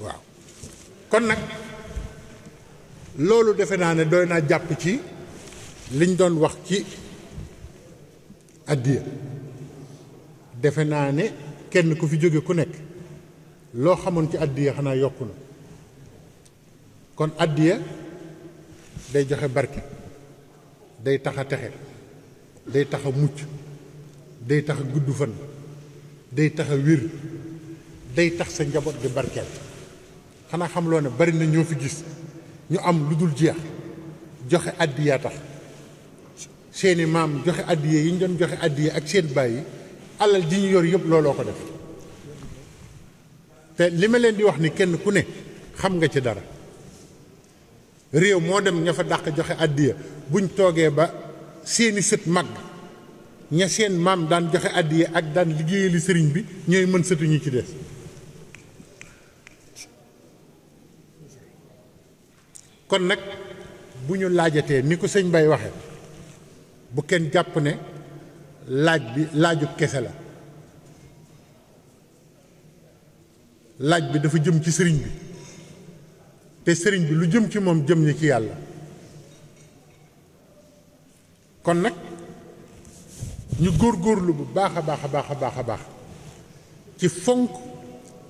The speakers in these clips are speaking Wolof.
waaw kon nag loolu defe naa ne doy naa jàpp ci liñ doon wax ci addiya defe naa ne kenn ku fi jóge ku nekk loo xamoon ci addiya xanaa yokku na kon addiya day joxe barke day taxa a texe day tax mucc day tax a gudd fan day tax a day tax sa njaboot di barkeel xanaa xam ne bari na ñoo fi gis ñu am lu dul jeex joxe addiya tax seeni maam joxe addiya yi ñu doon joxe addiya ak seen bàyyi alal ji ñu yor yëpp looloo ko def te li ma leen di wax ni kenn ku ne xam nga ci dara réew moo dem ña fa dàq joxe addiya buñ toogee ba seeni sët mag ña seen maam daan joxe addiya ak daan liggéeyali sëriñ bi ñooy mën sëtu ci des kon nag bu ñu laajatee ni ko sëñ Bay waxe bu kenn jàpp ne laaj bi laaju kese la laaj bi dafa jëm ci sëriñ bi te sëriñ bi lu jëm ci moom jëm ñi ci yàlla kon nag ñu góorlu bu baax a baax a baax a baax a baax ci fonk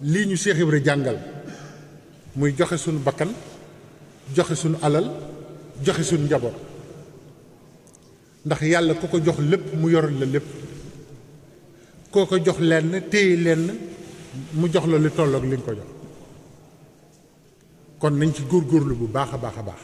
lii ñu Cheikh Ibra jàngal muy joxe sunu bakkan joxe suñ alal joxe suñ njaboot ndax yàlla ku ko jox lépp mu yor la lépp koo ko jox lenn téye lenn mu jox la li tolloog li nga ko jox kon nañ ci góorgóorlu bu baax a baax a baax.